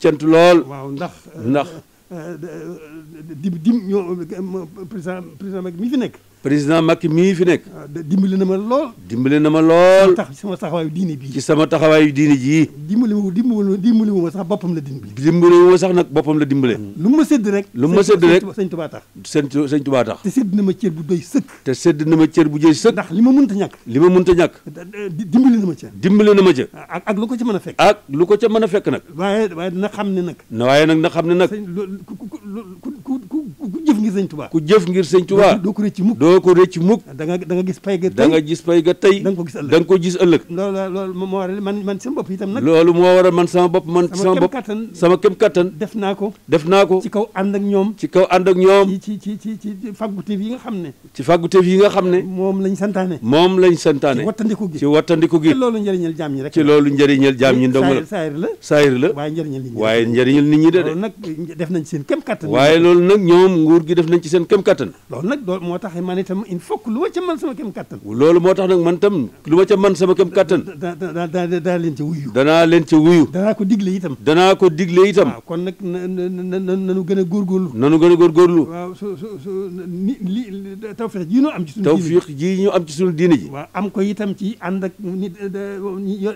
cant lool. waaw ndax ndax. di dim ñoo président président Macky mi fi nekk. président Macky mii fi nekk. Ah, na ma lool. dimbali na ma lool. tax sama taxawaayu diine bii. ci sama taxawaayu diine jii. dimbali wu dimbali wu boppam la dimbali. la mm. lu ma sédd rek. lu ma sédd rek sëñ Tuubaa tax. sëñ sëñ Tuubaa tax. te sédd na ma cër bu doy sëkk. te sédd na ma cër bu doy sëkk. li ma mënta ñàkk. li ma mënta ñàkk. dimbali na ma ca. dimbali na ma ca. ak ak lu ko ca a fekk. ak lu ko ca mën a fekk nag. waaye na xam ne nag. waaye nag na xam ne nag. jëf ngir sëñ Tuubaa ku jëf ngir sëñ Tuubaa doo ko rëcc mukk doo da nga da nga gis pay ga tey da ko gis ëllëg loolu moo waral man sama bopp man sama bopp sama kem kattan def naa ko def naa ko ci kaw ànd ak ñoom ci ci ci ci ci fàgguteef yi nga xam ne ci fàgguteef yi nga xam ne moom lañ santaane moom lañ santaane ci wattandiku gi ci wattandiku gi ci loolu njëriñal jaam ñi rek ci loolu njëriñal jaam ñi ndongo la saayir la saayir la waaye njëriñal nit ñi de de nag def nañ seen kem kattan waaye loolu nag ñoom nguur gi def nañ ci seen kem kattan loolu nag loolu moo tax man ma ca man sama kem kattan loolu moo tax nag man tam lu ma ca danaa leen ca wuyu danaa ko digle itam danaa ko digle itam waaw na nanu gën a a góorgóorlu waaw su su su ni li tawfiix ji ñu am ci suñu tawfiix ji ñu am ci suñu diine ji waaw am ko itam ci ànd ak nit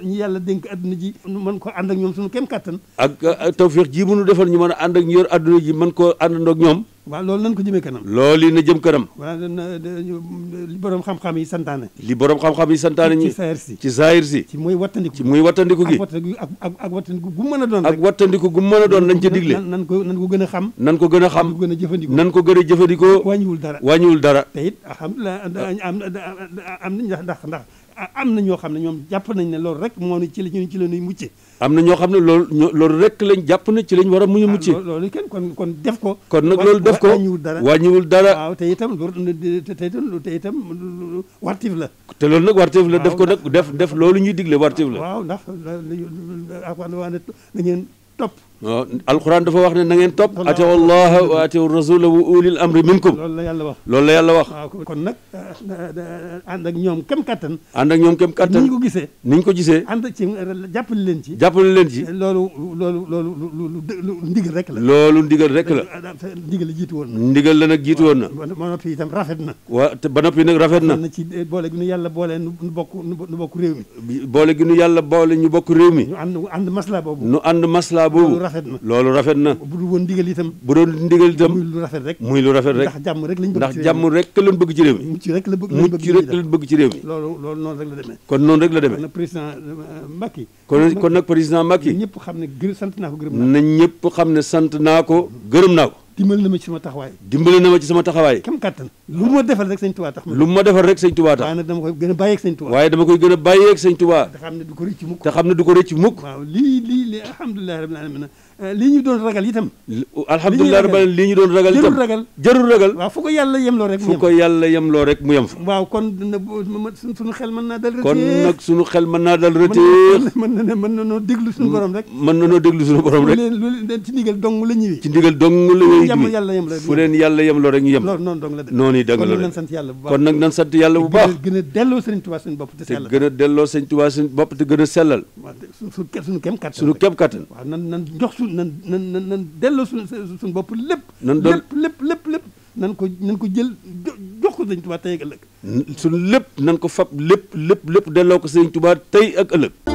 ñi yàlla adduna ji mën ko ànd ak ñoom suñu kem kattan ak tawfiix ji bu ñu defal ñu mën a ànd ak ñu yor adduna ji mën ko àndandoog ñoom waaw loolu nañ ko jëmee kanam. loolu yi na jëm kanam. voilà li borom xam-xam yi santaane. li borom xam-xam yi santaane ñi. ci saayir si ci saayir si. ci muy wattandiku ci muy wattandiku gi. ak ak ak wattandiku gu mën a doon ak wattandiku gu mën a doon lañ ca digle. nan ko nan ko gën a xam. nan ko gën a xam nan ko gën a jëfandikoo. wàññiwul dara wàññiwul dara. te it alhamdulilah am am ndax ndax ndax. am na ñoo xam ne ñoom jàpp nañ ne loolu rek moo ni ci la ñu ci am na ñoo xam ne loolu loolu rek lañ jàpp na ci lañ war a muñu mucce loolu kenn kon kon def ko kon nag loolu def ko wàññiwul dara waaw te itam lu te itam te itam la te loolu nag wartif la def ko nag def def loolu ñuy digle wartif la waaw ndax da ngeen topp waaw dafa wax na ngeen topp atiw allaha wa atiw rasula wa la yàlla wax loolu la yàlla wax kon nag eh, eh, ànd ak ñoom kem kattan ànd ak ñoom kem kattan ni ko gisee ni ñu ko gisee ànd ci eh, leen ci jàppale leen ci loolu loolu loolu lu ndigal rek la loolu ndigal rek la ndigal la la nag jiitu woon na ba noppi itam rafet na waa ba noppi nag rafet na na ci boole gi nu yàlla boole nu bokk nu bokk réew mi boole gi nu yàlla boole ñu bokk réew mi ñu ànd ànd boobu boobu loolu rafet na bu dul woon ndigal itam bu doon ndigal itam muy lu rafet rek muy lu rafet rek ndax jàmm rek lañ bëgg ndax jàmm rek lañ bëgg ci réew mi mucc rek lañ bëgg ci réew mi loolu loolu noonu rek la demee kon noonu rek la demee président euh, Macky kon kon nag président Macky ñëpp xam ne sant naa ko gërëm naa ko nañ ñëpp xam ne sant naa ko gërëm naa ko dimbali na ma ci sama taxawaay dimbali na ma ci sama taxawaay kam kàttan lu rek sëñ tubaa tax lu ma defal rek sëñ tubaa tax waaye nag dama koy gën a bàyyi ak sëñ tubaa waaye dama koy gën a bàyyi ak sëñ tubaa te xam ne du ko rëcc mukk te lii lii lii alhamdulilahi rabbil alamin Euh, li ñu doon ragal itam. alhamdulilah rabbil li ñu doon ragal itam jarul ragal jarul ragal. waaw fu ko yàlla yemloo rek. fu ko yàlla yemloo rek mu yem fa. waaw kon suñu xel mën naa dal. rëtéer kon nag suñu xel mën naa dal rëtéer. mën na mën na noo déglu suñu borom rek. mën na noo déglu suñu borom rek. lu leen ci ndigal dong la ñëwee. ci ndigal dong la ñuy ñëwee fu leen yàlla yemloo rek ñu yem. loolu noonu dong la def noonu yi dong la def kon nag nan sant yàlla bu baax. gën a delloo sëñ Tuubaa suñu bopp te sellal. te gën a delloo sëñ Tuubaa suñu bopp te gën a sellal. suñu kem kattan suñu kem kattan. waaw nan nan jox suñu nan nan nan nan delloo suñu suñu bopp lépp. nan doon lépp lépp lépp lépp nan ko nan ko jël jox ko sëñ Tuubaa tey ak ëllëg. suñu lépp nan ko fab lépp lépp lépp delloo ko sëñ Tuubaa tey ak ëllëg.